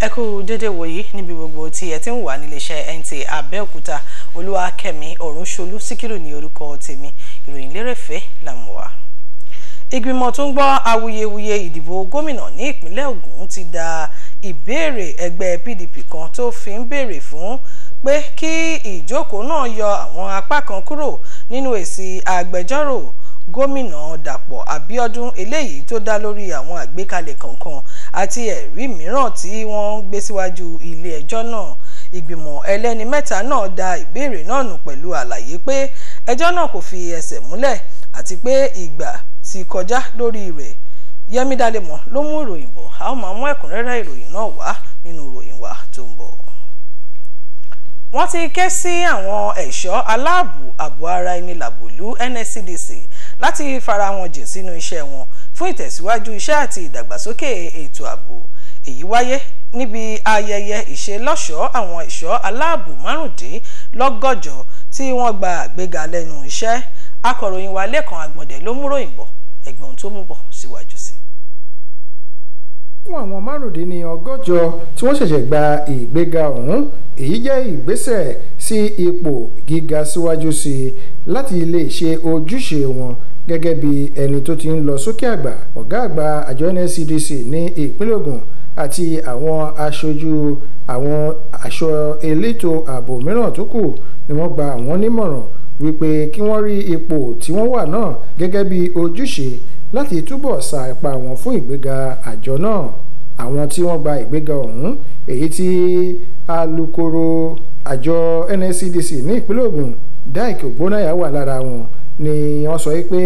ẹ kú dédé wòyí níbi gbogbo tí ẹ ti ń wà níléeṣẹ́ NTA Abẹ́òkúta Olúwakẹ́mi Ọ̀rúnṣolú Síkírù ní orúkọ tèmi ìròyìn lérèfé làmùwà. ìgbìmọ̀ tó ń gbọ́ awuyewuye ìdìbò gómìnà ní ìpínlẹ̀ Ògùn ti da ìbéèrè ẹgbẹ́ PDP kan tó fi ń béèrè fún pé kí ìjókòó náà yọ àwọn apá kan kúrò nínú èsì agbẹjọ́rò gómìnà Dàpọ̀ Abíọ́dún eléyìí tó dá lórí àwọn àgbékalẹ̀ kọ̀ọ̀kan àti ẹ̀rí mìíràn tí wọ́n ń gbé síwájú ilé ẹjọ́ náà ìgbìmọ̀ ẹlẹ́ni mẹ́ta náà da ìbéèrè náà nù pẹ̀lú àlàyé pé ẹjọ́ náà kò fi ẹsẹ̀ múlẹ̀ àti pé ìgbà ti kọjá lórí rẹ̀ Yẹmí Dálémọ ló mú ìròyìn bọ̀ a máa mú ẹ̀kúnrẹ́rẹ́ ìròyìn náà wá nínú ìròyìn wa tó ń bọ̀ wọ́n ti ké sí àwọn ẹ̀ṣọ́ aláàbò ààbò ara ẹni làbòlú NSCDC láti fara wọn jìn sínú iṣẹ́ wọn fún ìtẹ̀síwájú iṣẹ́ àti ìdàgbàsókè ètò ààbò èyí wáyé níbi ayẹyẹ ìṣelọ́ṣọ̀ọ́ àwọn ìṣọ́ aláàbò márùndínlọ́gọ́jọ tí wọ́n gba àgbéga lẹ́nu iṣẹ́ akọ̀ròyìn wa Lẹ́kan Àgbọ̀ndẹ ló múròyìn bọ̀ ẹ̀gbọ́n tó mú bọ̀ síwájú sí i fún àwọn márùndínlọ́gọ́jọ tí wọ́n ṣẹ̀ṣẹ̀ gba ìgbéga ọ̀hún èyí jẹ́ ìgbésẹ̀ sí ipò gíga síwájú sí i láti lè ṣe ojúṣe wọn gẹ́gẹ́ bí ẹni tó ti ń lọ sókè àgbà ọ̀gá àgbà àjọ NSCDC ní ìpínlẹ̀ Ògùn àti àwọn aṣojú àwọn aṣọ elétò ààbò mìíràn tó kù ni wọ́n gba àwọn nímọ̀ràn wípé kí wọ́n rí ipò tí wọ́n wà náà gẹ́gẹ́ bí ojúṣe láti túbọ̀ sa ipá wọn fún ìgbéga àjọ náà àwọn tí wọ́n gba ìgbéga ọ̀hún èyí tí alukoro àjọ NSCDC ní ìpínlẹ̀ Ògùn Dike Ogbonaya wà lára wọn ni wọ́n sọ pé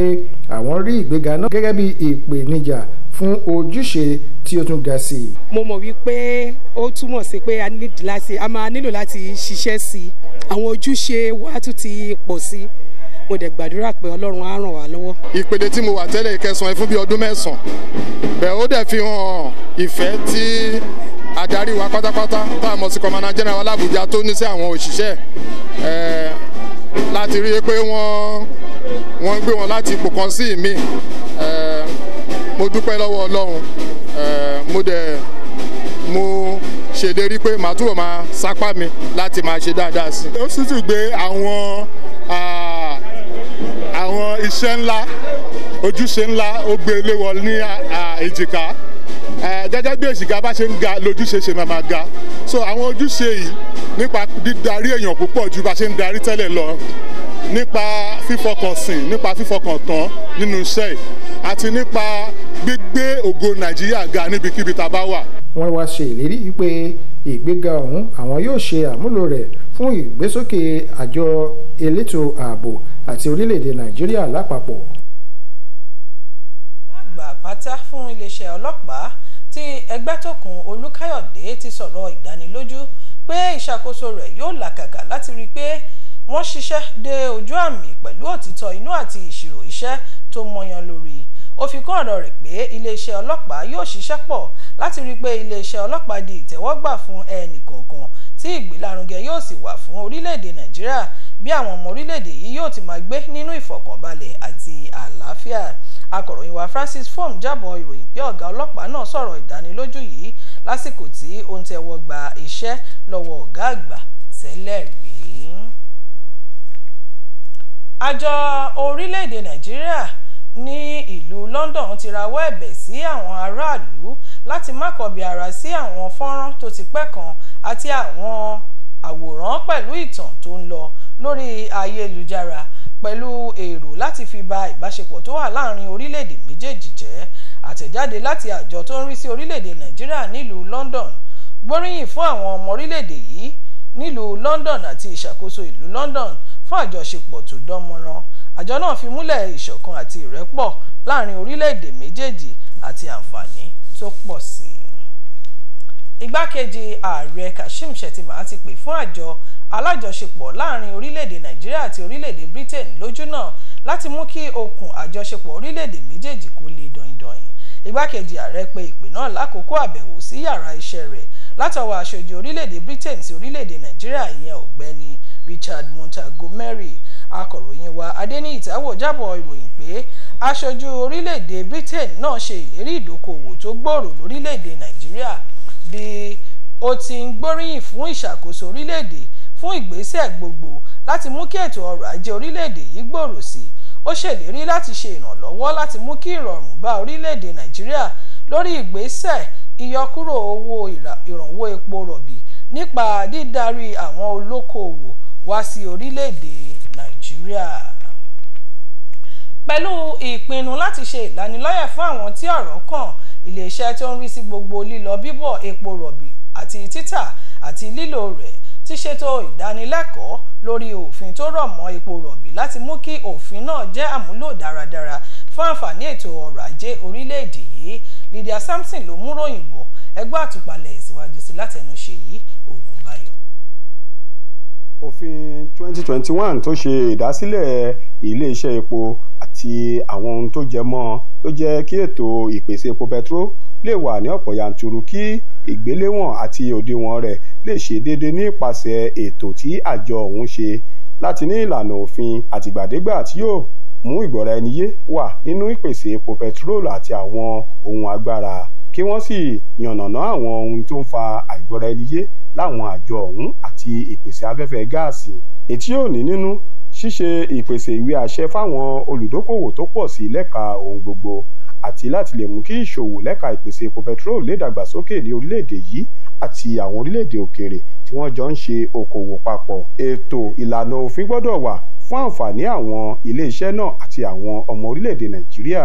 àwọn rí ìgbéga náà gẹ́gẹ́ bí ìpèníjà fún ojúṣe tí ó tún ga sí i. mo mọ̀ wípé ó túmọ̀ sí pé a nílò láti a máa nílò láti ṣiṣẹ́ sí i àwọn ojúṣe wa tún ti pọ̀ sí i mo dẹ̀ gbàdúrà pé ọlọ́run á ràn wá lọ́wọ́. ìpele tí mo wà tẹ́lẹ̀ ìkẹsàn-án fún bíi ọdún mẹ́sàn-án bẹ́ẹ̀ ó dẹ̀ fi hàn ìfẹ́ tí adarí wa pátápátá tá a mọ̀ sí kọ̀mọ̀nà general alábùjá tó ní sí àwọn òṣìṣẹ́ láti rí i pé wọ́n wọ́n ń gbé wọn láti ipò kan sí ìmí eh, mo dúpẹ́ lọ́wọ́ ọlọ́run eh, mo dẹ̀ mo ṣèlérí pé màá túbọ̀ máa sapá mi láti máa ṣe dáadáa sí i. ó sì tún gbé àwọn àwọn iṣẹ́ ńlá ojúṣe ńlá ó gbé lé wọn ní èjìká eh, gẹ́gẹ́ bí èjìká bá ṣe ń ga lójúṣe ṣe máa ma ga so àwọn ojúṣe yìí nípa dídarí èèyàn púpọ̀ ju bá ṣe ń darí tẹ́lẹ̀ lọ nípa fífọkànsìn nípa fífọkàntán nínú iṣẹ́ yìí àti nípa gbígbé ògo nàìjíríà ga níbikíbi tá a bá wà. wọ́n wá ṣe ìlérí wípé ìgbéga ọ̀hún àwọn yóò ṣe àmúlò rẹ̀ fún ìgbésókè àjọ elétò ààbò àti orílẹ̀-èdè nàìjíríà lápapọ̀. lágbà pátá fún iléeṣẹ́ ọlọ́pàá ti ẹgbẹ́tókùn olúkáyọ̀dé ti sọ̀rọ̀ ìdánilójú pé ìṣàkóso rẹ̀ yóò làkàkà láti rí i pé wọ́n ṣiṣẹ́ dé ojú àmì pẹ̀lú òtítọ́ inú àti ìṣirò iṣẹ́ tó mọyan lórí ó fi kún ọ̀rọ̀ rẹ̀ pé iléeṣẹ́ ọlọ́pàá yóò ṣiṣẹ́ pọ̀ láti rí i pé iléeṣẹ́ ọlọ́pàá di ìtẹ́wọ́gbà fún ẹnì kọ̀ọ̀kan tí ìgbélárugẹ yóò sì wà fún orílẹ̀-èdè nàìjíríà bí àwọn ọmọ orílẹ̀-èdè yìí yóò ti máa gbé nínú ìfọ̀kànbalẹ̀ akọ̀ròyìn wa Francis Fom jábọ̀ ìròyìn pé ọ̀gá ọlọ́pàá náà sọ̀rọ̀ ìdánilójú yìí lásìkò tí ó ń tẹ́wọ́ gba iṣẹ́ lọ́wọ́ ọ̀gá àgbà tẹ́lẹ̀ rí. àjọ orílẹ̀-èdè Nàìjíríà ní ìlú London ti rawọ́ ẹ̀bẹ̀ sí àwọn aráàlú láti má kọbi ara sí àwọn fọ́nrán tó ti pẹ́ kan àti àwọn àwòrán pẹ̀lú ìtàn tó ń lọ lórí ayélujára pẹ̀lú èrò láti fi ba ìbáṣepọ̀ tó wà láàrin orílẹ̀-èdè méjèèjì jẹ́ àtẹ̀jáde láti àjọ tó ń rí sí orílẹ̀-èdè nàìjíríà nílùú London gbóríyìn fún àwọn ọmọ orílẹ̀-èdè yìí nílùú London àti ìṣàkóso ìlú London fún àjọṣepọ̀ tó dánmọ́rán àjọ náà fi múlẹ̀ ìṣọ̀kan àti ìrẹ́pọ̀ láàrin orílẹ̀-èdè méjèèjì àti àǹfààní tó pọ̀ sí i. igbákejì ààrẹ Kashim Shettima ti pè fún àjọ alájọṣepọ̀ láàrin orílẹ̀-èdè nàìjíríà àti orílẹ̀-èdè britain lójú náà láti mú kí okùn àjọṣepọ̀ orílẹ̀-èdè méjèèjì kó le dọ̀yìndọ̀yìn igbákejì ààrẹ pe ìpè náà lákòókò àbẹ̀wò sí yàrá iṣẹ́ rẹ̀ látọwọ́ aṣojú orílẹ̀-èdè britain sí orílẹ̀-èdè nàìjíríà ìyẹn ọ̀gbẹ́ni richard montgomery akọ̀ròyìn wa adéníyì táwọ̀ jábọ̀ ìròyìn pé aṣojú orílẹ̀-èdè britain náà ṣe ìlérí ìdókòwò tó gbòòrò lórílẹ̀-èdè nàìjíríà bí ó ti ń gbóríyìn fún ìṣàkóso orílẹ̀-èdè fún ìgbésẹ̀ gbogbo láti mú kí ètò ọrọ̀ ajé orílẹ̀-èdè yìí gbòòrò sí i ó ṣèlérí láti ṣe ìrànlọ́wọ́ láti mú kí ìrọ̀rùn bá orílẹ̀-èdè nàìjíríà lórí ìgbésẹ̀ ìyọkúrò owó ìrànwọ́ epo rọ̀bì nípa dídarí àwọn olókoòwò wá sí orílẹ̀-èdè nàìjíríà pẹ̀lú ìpinnu láti ṣe ìlanilọ́yẹ̀ fún àwọn tí ọ̀rọ̀ kàn iléeṣẹ́ tó ń rí sí gbogbo lílọ bíbọ̀ epo rọ̀bì àti títà àti lílò rẹ̀ ti ṣètò ìdánilẹ́kọ̀ọ́ lórí òfin tó rọ̀ mọ́ epo rọ̀bì láti mú kí òfin náà jẹ́ àmúlò dáradára fún àǹfààní ètò ọrọ̀ ajé orílẹ̀-èdè yìí Lydia Samson ló mú ròyìn bọ̀ ẹgbẹ́ àtúpalẹ̀ ìsíwájú sí látẹnu Ṣèyí Ògúnbáyọ̀ òfin 2021 tó ṣe ìdásílẹ̀ iléeṣẹ́ epo àti àwọn ohun tó jẹ mọ́ ló jẹ́ kí ètò ìpèsè epo petro lè wà ní ọ̀pọ̀ yanturu kí ìgbéléwọ̀n àti òdiwọ̀n rẹ̀ lè ṣe déédéé nípasẹ̀ ètò tí àjọ ọ̀hún ṣe láti ní ìlànà òfin àtìgbàdégbà tí yóò mú ìgbọ́ra-ẹni-yé wà nínú ìpèsè epo bẹtiróòlù àti àwọn ohun agbára kí wọ́n sì yànnàná àwọn ohun tó ń fa àìgbọ́ra-ẹni-yé láwọn àjọ ọ̀hún àti ìpèsè afẹ́fẹ́ gáàsì èyí tí yóò ní nínú ṣíṣe ìpèsè ìwé àṣẹ fáwọn olùdókòwò tó pọ̀ sí lẹ́ka ohun gbogbo àti láti lè mú kí ìṣòwò lẹ́ka ìpèsè epo bẹtiró lè dàgbàsókè ní orílẹ̀-èdè yìí àti àwọn orílẹ̀-èdè òkèèrè tí wọ́n jọ ń ṣe okòwò papọ̀. ètò ìlànà òfin gbọ́dọ̀ wà fún àǹfààní àwọn ilé-iṣẹ́ náà àti àwọn ọmọ orílẹ̀-èdè Nàìjíríà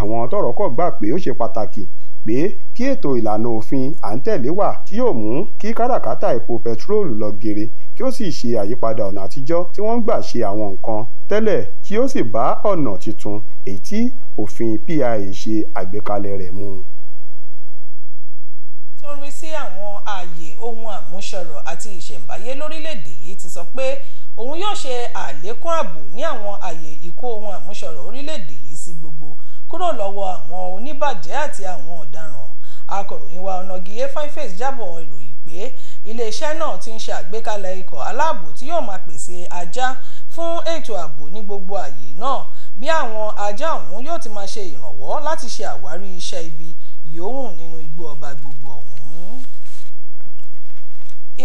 àwọn tọ́rọ̀ kàn gbà pé ó ṣe pàtàkì pé kí ètò ìlànà òfin à ń tẹ̀lé wà tí yóò mú kí káràkátà epo bẹtiróòlù lọ gere kí ó sì ṣe àyípadà ọ̀nà àtijọ́ tí wọ́n ń gbà ṣe àwọn nǹkan tẹ́lẹ̀ kí ó sì bá ọ̀nà tuntun èyí tí òfin PIA ṣe àgbékalẹ̀ rẹ̀ mu tó sí àwọn ààyè ohun àmúṣọrọ̀ àti ìṣẹ̀ǹbáyé lórílẹ̀‐èdè yìí ti sọ pé òun yóò ṣe àlékún ààbò ní àwọn ààyè ìkó ohun àmúṣọrọ̀ orílẹ̀‐èdè yìí sí gbogbo kúrò lọ́wọ́ àwọn oníbàjẹ́ àti àwọn ọ̀daràn akọ̀ròyìn wa ọ̀nàgìyé fine face jábọ̀ ìròyìn pé iléeṣẹ́ náà ti ń ṣe àgbékalẹ̀ ikọ̀ aláàbò tí yóò máa pèsè ajá fún ètò ààbò ní gbogbo àyè náà bí àwọn ajá ọ̀hún yóò ti máa ṣe ìrànwọ́ láti ṣe àwárí iṣẹ́ ibi yòówù nínú igbó ọba gbogbo ọ̀hún.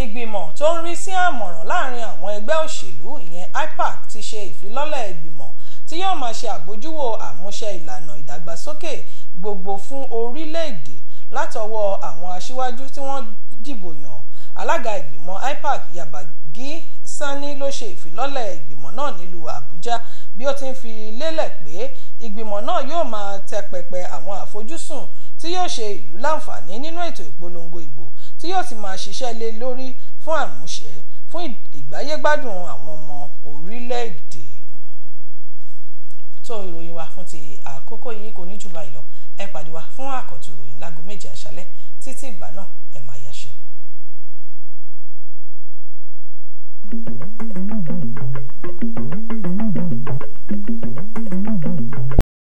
ìgbìmọ̀ tó ń rí sí àmọ̀ràn láàrin àwọn ẹgbẹ́ òṣèlú ìyẹn IPAC ti ṣe ìfilọ́lẹ̀ ìgbìmọ̀ tí yóò máa ṣe àbójúwò àmúṣe ìlànà ìdàgbàsókè gbogbo fún orílẹ̀-èdè látọwọ́ àwọn aṣíwájú tí wọ́n dìbò yàn alága ìgbìmọ̀ IPAC Yabagi Sani ló ṣe ìfilọ́lẹ̀ ìgbìmọ̀ náà nílùú Àbújá bí ó ti ń fi lélẹ̀ pé ìgbìmọ̀ náà yóò máa tẹ pẹpẹ àwọn àfojúsùn tí yóò ṣe ìlú láǹfààní nínú ètò ìpolongo ìbò tí yóò sì máa ṣiṣẹ́ lé lórí fún àmúṣe fún ìgbáyégbádùn àwọn ọmọ orílẹ̀-èdè tó ìròyìn wa fún ti àkókò yìí kò ní jù báyìí lọ ẹ pàdé wa fún àkọ́tún ìròyìn láago méje àṣálẹ́ títí ìgbà náà ẹ máa yá